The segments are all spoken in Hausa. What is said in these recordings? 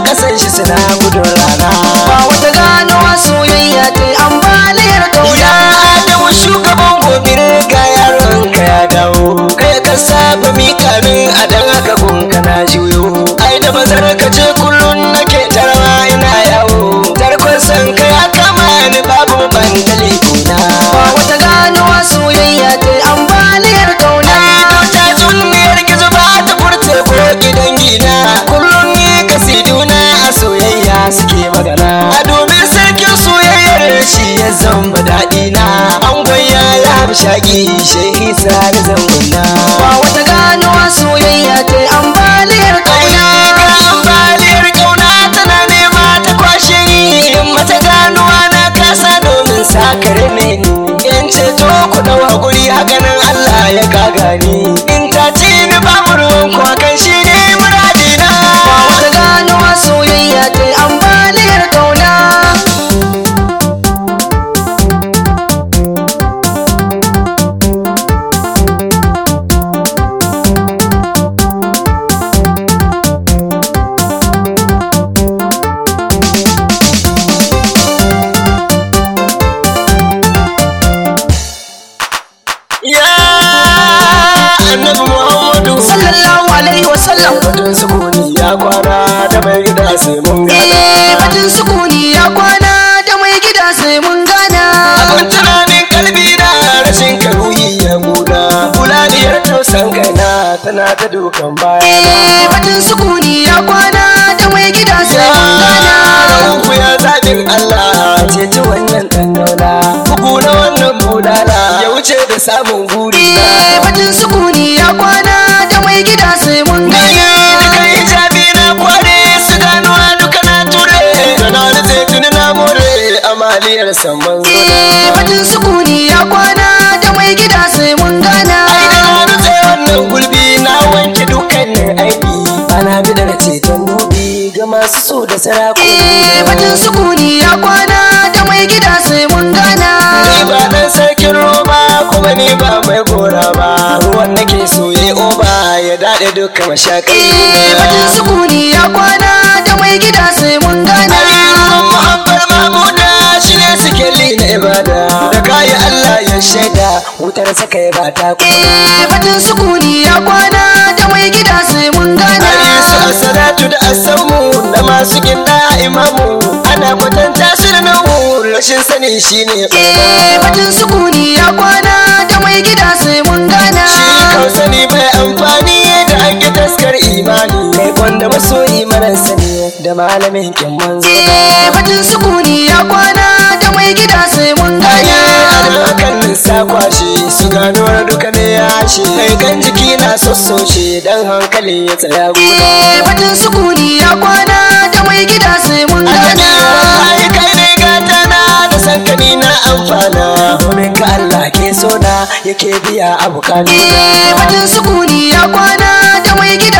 a kasan shi suna gudun rana ba wata ganuwa soyayya ta ambaliyar kauna da shugaban gobir ga yaron ka ya dawo kai ka saba mika min shaki shehi sani zamuna Wa wata ganuwa soyayya ta ambaliyar kauna ambaliyar kauna tana nema ta kwashe ni mata ganuwa na kasa domin saka samun guri na eh, bakin sukuni ya kwana da mai gida sai mun gani da yi hijabi na kware su gano duka na ture gano da zai tuni na more amaliyar samban zona eh, bakin sukuni ya kwana da mai gida sai mun gana ai da na zai wannan gulbi na wanke dukkanin aiki ana bidar ceton gobe ga masu so da sarakuna eh, bakin sukuni ya kwana ba ba mai gora ba ruwan nake soye oba ya daɗe duka mashaƙi eh batun sukuni ya kwana da mai gida sai mun gana muhabbar mamuna shi ne sikeli na ibada da kayi Allah ya shaida wutar saka ya ba ta kwana eh batun sukuni ya kwana da mai gida sai mun gana ai salatu da asamu da masu gida imamu ana kwatan rashin sanin shi ne eh sukuni ya kwana da mai gida sai mun gana shi sani bai amfani da an taskar imani mai kwanda masoyi marar sani da malamin kin manzo eh batun sukuni ya kwana da mai gida sai mun gana alhakan sa kwashi su gano duka ne ya shi kan jiki na sossoshe dan hankali ya tsaya gudu eh batun sukuni ya kwana da mai gida sai mun gana amfana domin ka Allah ke sona yake biya abokanina. Eh wajen sukuni ya kwana da mai gida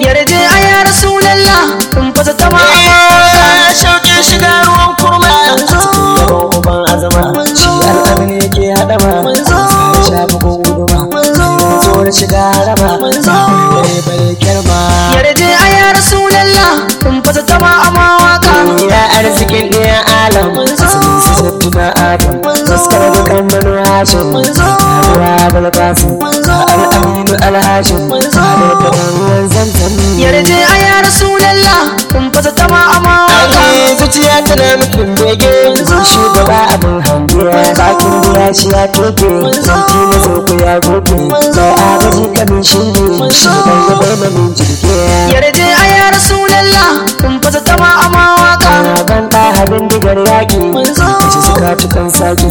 yarje a ya rasulallah in fasa ta mama eh, shauƙin shiga ruwan kurma cikin gaban azama shi al'amari yake haɗama shafi ko guduma zo da shiga rama bai bai kyarma yarje a ya rasulallah in fasa ta mama waka ya arzikin ɗaya alam asalin su sabbi na adam hashim haduwa balbasin al'aminu alhashim haduwa ruwan zanzan yarje a ya rasulallah kun fasa tama a mawaka zuciya tana mutum bege shugaba abin hangiya bakin biya shi ya toke zanti na zoko ya goke mai agaji kamin shi ne shugaban gabar mamin jirgi yarje a ya rasulallah kun fasa tama a mawaka ban ɗa saki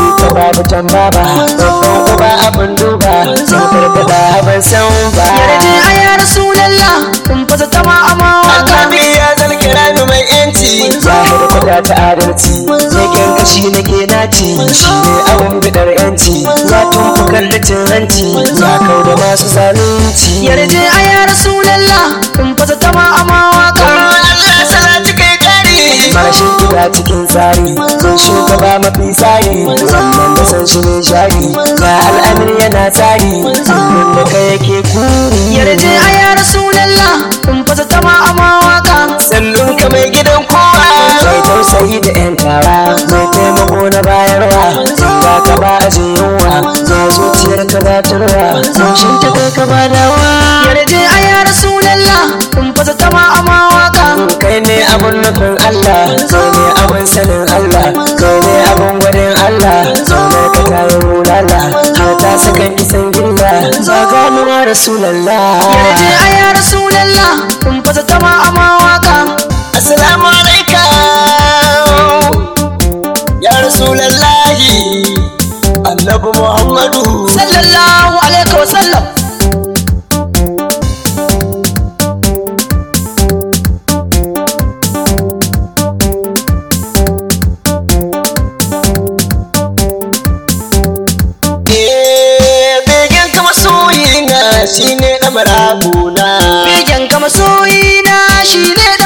babu can baba babban uba abin duba sun karkada abin san ba yarje a ya rasulallah kun fasa sama a mawaka annabi ya zalkira ni mai yanci zahiri kwata ta adalci Jirgin kashi na ke naci shi ne abin bidar yanci ya tumfukar da cin hanci ya kau da masu zalunci yarje a ya rasulallah kun fasa sama a mawaka Allah salati kai kari marashin kiba cikin tsari shugaba mafi tsari wannan da san shi ne shari ga al'amir yana tsari tunan ka yake kuri yarje a ya rasulallah kun fasa tama a mawaka sallun ka mai gidan kowa mai tausayi da yan kara mai taimako na bayarwa ba ka ba a yunwa ga zuciyar ka ba turwa ta ka ba dawa kan isan girma za gano ya rasulallah yarje a ya rasulallah kun fasa tama a mawaka assalamu alaika ya rasulallahi annabi muhammadu sallallahu shine ne na marabuna. Fijan kama soyi na shine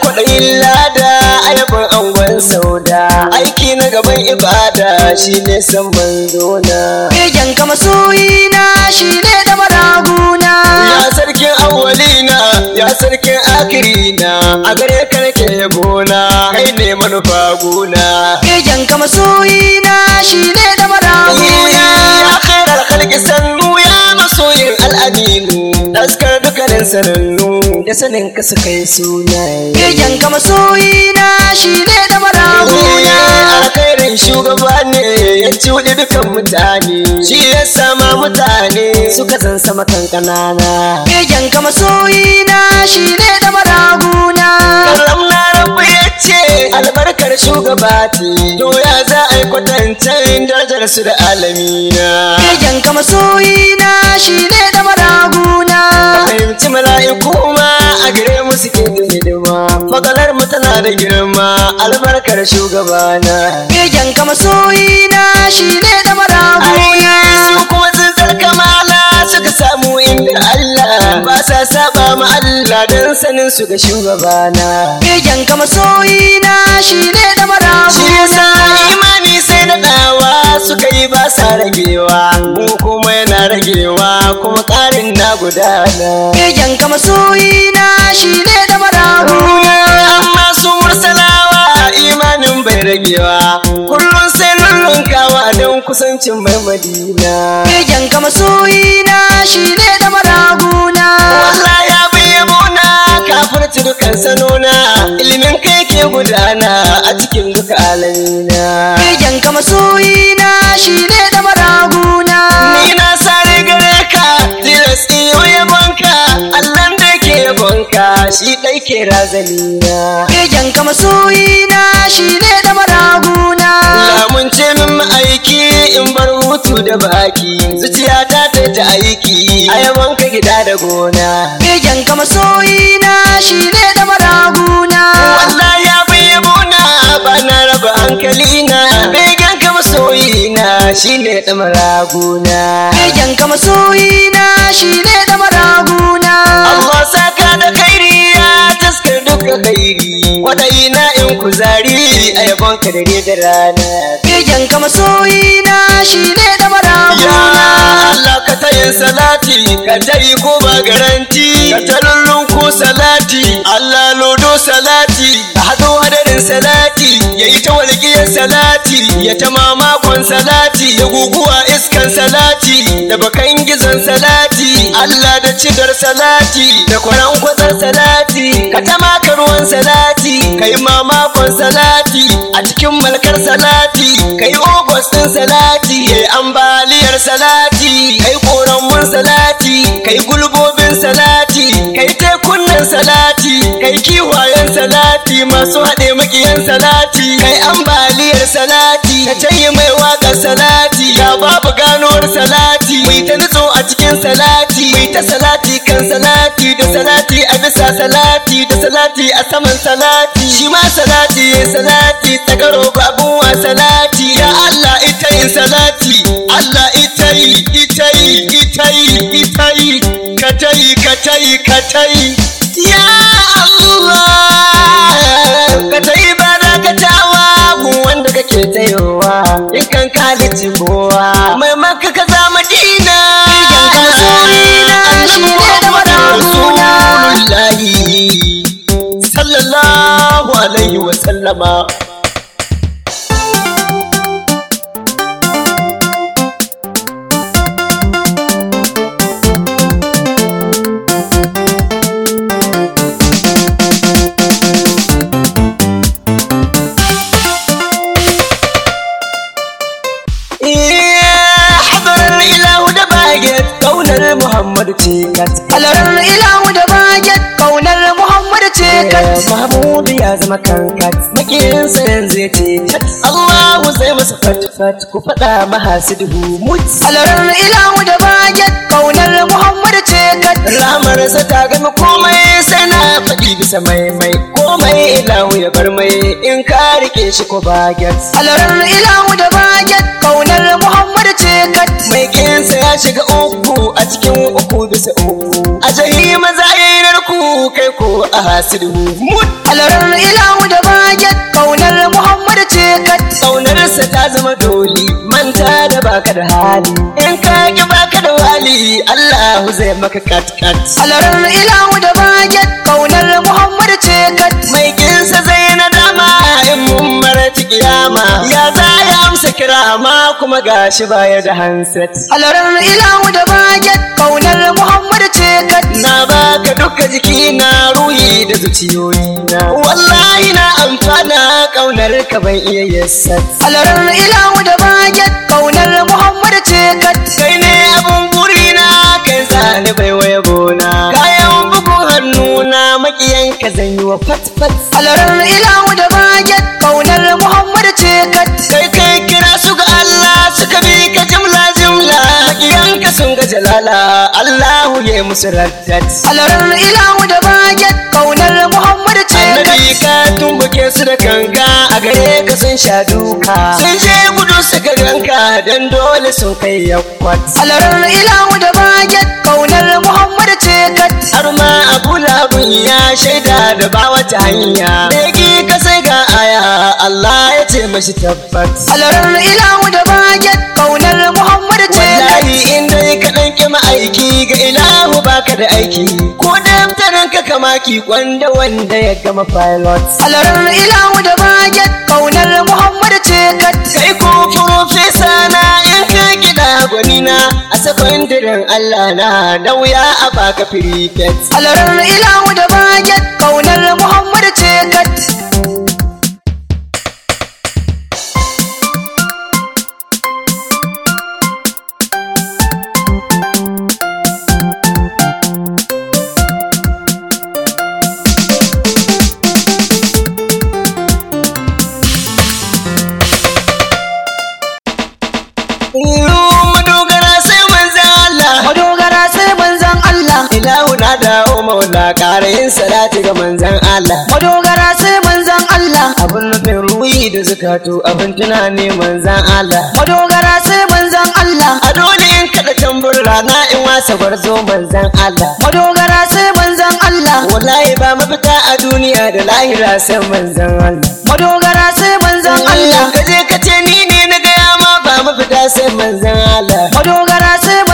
kwaɗayin lada ayyukan angon sauda aiki na gaban ibada shi ne san manzo na begen kama soyina shi ne da maraguna ya sarkin awwalina ya sarkin akirina a gare ka nake gona, kai ne manufa guna begen kama soyina shi ne da maraguna ya khairar halki sannu ya masoyin al'adinu sanin sanannu da sanin ka suka yi sunaye kirgin ka masoyi na shi ne da kai alkhairin shugaba ne ya cuɗi dukan mutane shi ya sama mutane suka zan sama kan kanana kirgin ka masoyi na shi ne da marahuna karam na rabbi ce albarkar shugaba ce doya za a yi kwatancin darajar su da alamina Fijan kama na shi ne da maraguna fahimci mala'iku ma a gare mu suke da hidima magalar mu tana da girma albarkar shugabana Fijan kama na shi ne da maraguna su kuma sun zarkama da Allah ba sa saba ma Allah dan sanin su ga shugabana Begen ka masoyi na shi ne da marabu Shi yasa imani sai da dawa suka yi ba sa ragewa mu kuma yana ragewa kuma karin na gudana Begen ka na shi ne da marabu Amma su mursalawa imanin bai ragewa kullum don kusancin mai madina kama ga na? shi ne da maraguna allah ya biya muna kafin turkan sanona Ilimin kai ke gudana a cikin duka alamina kama ga na? shi ne da maraguna Ni na sare gare ka tilas iyo yabonka Allah da ke yabonka shi ɗai ke razalina kama ga na? shi ne baki zuciya ta ta ta aiki Ayabanka ka gida da gona begen ka masoyi shi ne da maraguna wallahi ya bayyana bana raba hankali na begen shi ne raguna. Begen ka masoyina shi ne raguna. Allah saka da kairi ya taskar duka kairi. na in kuzari a yabon ka dare da rana. Begen ka masoyina shi ne ɗama raguna. Allah ka ta yin salati ka ta yi ko ba garanti. Ka ta lullun ko salati Allah lodo salati. Ka haɗo hadarin salati ya yi ta walƙiyar salati. ya ta mamakon salati da guguwa iskan salati da bakan gizon salati Allah da cigar salati da kwaran kwatsar salati ka ta maka ruwan salati ka yi mamakon salati a cikin malkar salati ka yi salati ya yi ambaliyar salati ka yi koran salati ka yi gulbobin salati ka yi tekunan salati kai kiwayen salati masu haɗe makiyan salati kai ambaliyar salati ka canyi mai waka salati ya babu ganuwar salati mai ta nutso a cikin salati mai ta salati kan salati da salati a bisa salati da salati a saman salati shi ma salati ya salati tsakaro babuwa salati ya Allah ita yin salati Allah ita yi ita yi ita yi ita yi ka ta yi ka ta yi ka ta yi ya Allah maimaka kowa mai maka ka za madina na annabi sallallahu alaihi wa sallama Arafat ku faɗa mahasidi Humud. Alarar ilahu da baget kaunar Muhammadu ce ramar sa ta gami komai sai na faɗi bisa maimai. Komai ilahu ya bar mai in ka rike shi ko baget. Alarar da baget kaunar Muhammadu ce kat. Mai kinsa ya shiga uku a cikin uku bisa uku. A jahi maza yanar ku kai ko a hasidu Humud. Alarar ilahu da bage kaunar Ƙaunarsa ta zama doli manta da baka da hali in ka ki baka da wali Allahu zai maka kat kat alaran ilahu da baget ƙaunar Muhammad ce kat mai kinsa zai na dama in mun mara kiyama ya kuma gashi baya da handset. Alaran ilahu da bayan kaunar Muhammad ce Na baka duka jiki na ruhi da zuciyoyi na. Wallahi na amfana kaunar ka ban iya yassat. Alaran ilahu da bayan kaunar Muhammad ce ka. Kai ne abun burina kai zane bai waya bona. Kayan bugun hannu na makiyanka zan yi wa fat fat. Alaran ilahu ce musu raddat alaran ilahu da baget kaunar muhammad ce annabi ka tumbuke su da ganga a gare ka sun sha duka sun je gudu suka ganka dan dole sun kai yakwat alaran ilahu da baget kaunar muhammad ce kat har ma abu labun ya shaida da ba wata hanya begi ka sai ga aya Allah ya ce mashi tabbat alaran ilahu da baget kaunar muhammad ce kat wallahi inda da aiki ga ilahu baka da aiki ko tanan ka kamaki kwanda wanda ya gama pilot alaran ilahu da bayan kaunar muhammad ce kat kai ko profesa na in ka gida gwanina a sakandiren allah na da wuya a baka firifet alaran ilahu da bayan kaunar muhammad ce kat da umar na ƙara yin salati ga manzan Allah madogara sai manzan Allah abin nufin ruhi da zukatu abin tunani manzan Allah madogara sai manzan Allah a dole in kada tambur rana in wasa barzo manzan Allah madogara sai manzan Allah wallahi ba mafita a duniya da lahira sai manzan Allah madogara sai manzan mm, Allah kaje kace ni ne na gaya ma ba mafita sai manzan Allah madogara sai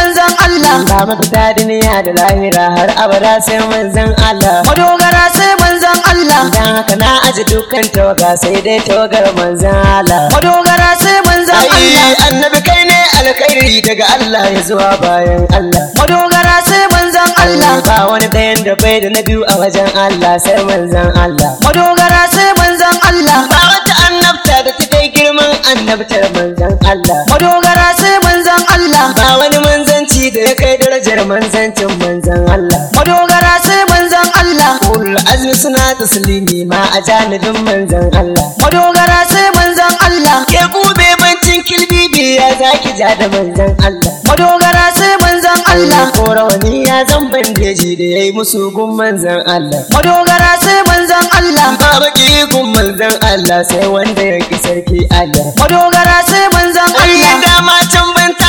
Allah ba mafita duniya da lahira har abada sai manzan Allah madogara sai manzan Allah dan haka na aji dukkan tawaga sai dai tawagar manzan Allah madogara sai manzan Allah annabi kai ne alkhairi daga Allah ya zuwa bayan Allah madogara sai manzan Allah ba wani dayan da bai da na biyu a wajen Allah sai manzan Allah madogara sai manzan Allah ba wata annabta da ta kai girman annabtar manzan Allah da manzancin manzan Allah madogara sai manzan Allah ulul azmi suna taslimi ma a janibin manzan Allah madogara sai manzan Allah ke kube bancin kilbibi za ki ja da manzan Allah madogara sai manzan Allah ko rawani ya zan bandeji da yayi musu gun manzan Allah madogara sai manzan Allah ba baki gun manzan Allah sai wanda ya ki sarki Allah madogara sai manzan Allah dama can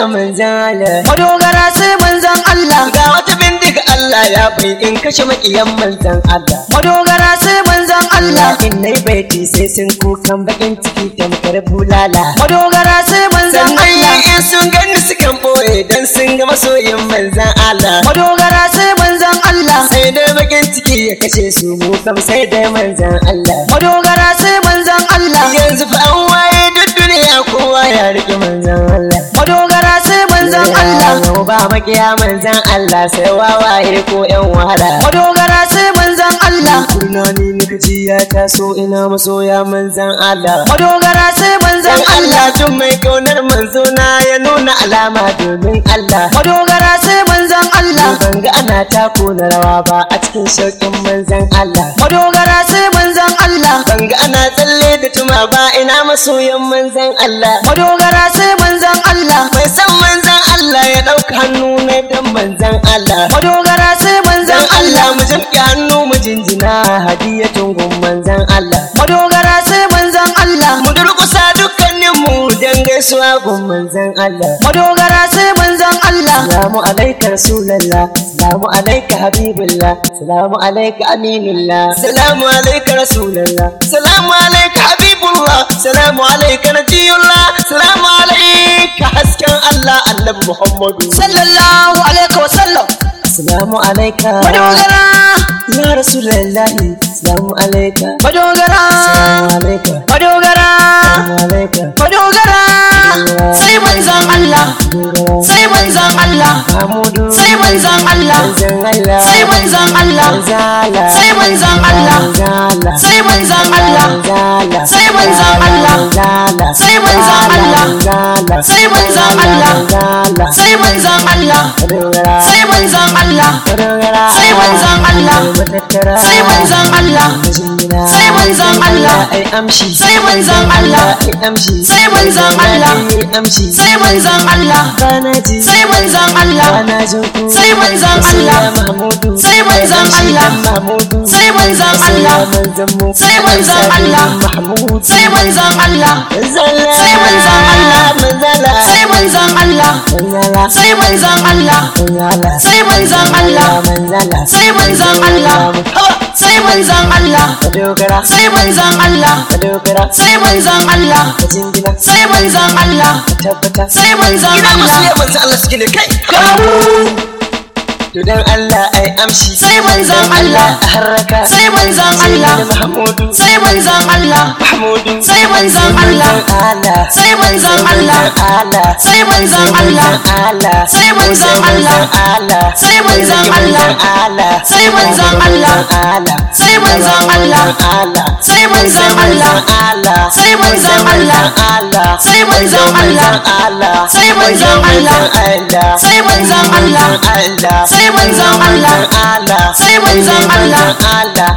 na manzala madogara sai manzan Allah ga wata bindiga Allah ya bai in kashe makiyan manzan Allah madogara sai manzan Allah in nai baiti sai sun kukan bakin ciki tamkar bulala madogara sai manzan Allah in sun gani kan boye dan sun ga masoyin manzan Allah madogara sai manzan Allah sai dai bakin ciki ya kashe su mu kam sai dai manzan Allah madogara sai manzan Allah yanzu fa an waye riƙi manzan Allah madogara sai manzan Allah ba makiya manzan Allah sai wawaye ko yan wahala madogara sai manzan Allah tunani lokaci ya so ina masoya manzan Allah madogara sai manzan Allah tun mai ƙaunar manzo na ya nuna alama domin Allah madogara sai manzan Allah ban ga ana tako na rawa ba a cikin shauƙin manzan Allah madogara sai manzan Allah ban ga ana tsalle da tuma ba ina masoyan manzan Allah madogara sai manzan Allah mai san manzan Allah ya ɗauka hannu na dan manzan Allah madogara sai manzan Allah mu jinkya hannu mu jinjina hadiyatun gun manzan Allah madogara gaisuwa gun manzan Allah madogara sai manzan Allah salamu alaika rasulullah salamu alaika habibullah salamu alaika aminullah salamu alaika rasulullah salamu alaika habibullah salamu alaika najiyullah salamu alaika hasken Allah annabi Muhammadu sallallahu wa sallam. salamu alaika madogara ya rasulullahi salamu alaika madogara salamu alaika madogara salamu alaika madogara sai manzan Allah sai manzan Allah sai manzan Allah sai Allah sai Allah sai Allah sai Allah sai Allah sai Allah sai Allah sai Allah sai Allah sai Allah sai manzon Allah sai manzon Allah sai manzon Allah annabci sai manzan Allah sai manzan Allah sai manzan Allah sai manzan Allah sai manzan Allah sai manzan Allah sai manzan Allah sai manzan Allah sai manzan Allah sai manzan Allah sai manzan Allah sai manzan Allah sai manzan Allah sai manzan Allah sai manzan Allah sai manzan Allah tabbata sai mun zama sai mun zama Allah suke ne kai Dudan Allah ai amshi sai manzan Allah a harraka sai manzan Allah Mahmudu sai manzan Allah Mahmudu sai manzan Allah sai manzan Allah sai manzan Allah sai manzan Allah sai manzan Allah sai manzan Allah sai manzan Allah sai manzan Allah sai manzan Allah sai manzan Allah sai manzan Allah sai manzan Allah sai Allah sai manzon Allah sai manzon Allah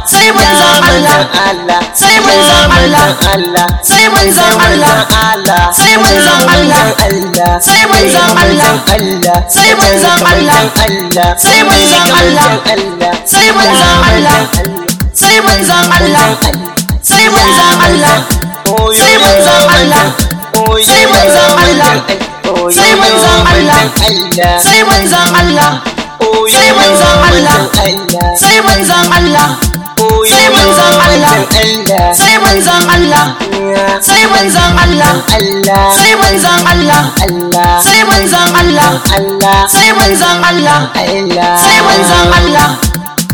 sai manzon Allah sai manzon Allah sai manzon Allah sai manzon Allah sai manzon Allah sai manzon Allah sai manzon Allah sai manzon Allah sai manzon Allah sai manzon Allah sai manzon Allah sai manzon Allah sai manzon Allah sai manzon Allah sai manzan Allah sai manzan Allah sai manzan Allah sai manzan Allah sai manzan Allah sai manzan Allah sai manzan Allah sai manzan Allah sai manzan Allah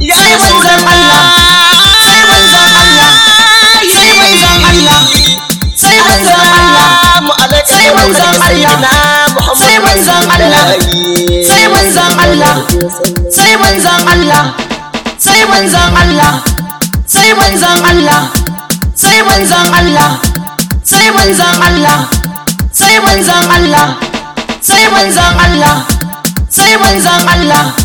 manzan Allah sai manzan Allah sai manzan Allah sai manzan Allah sai zan Allah sai zan Allah sai zan Allah sai zan Allah sai zan Allah sai zan Allah sai zan Allah sai zan Allah sai zan Allah sai manzon Allah sai manzon Allah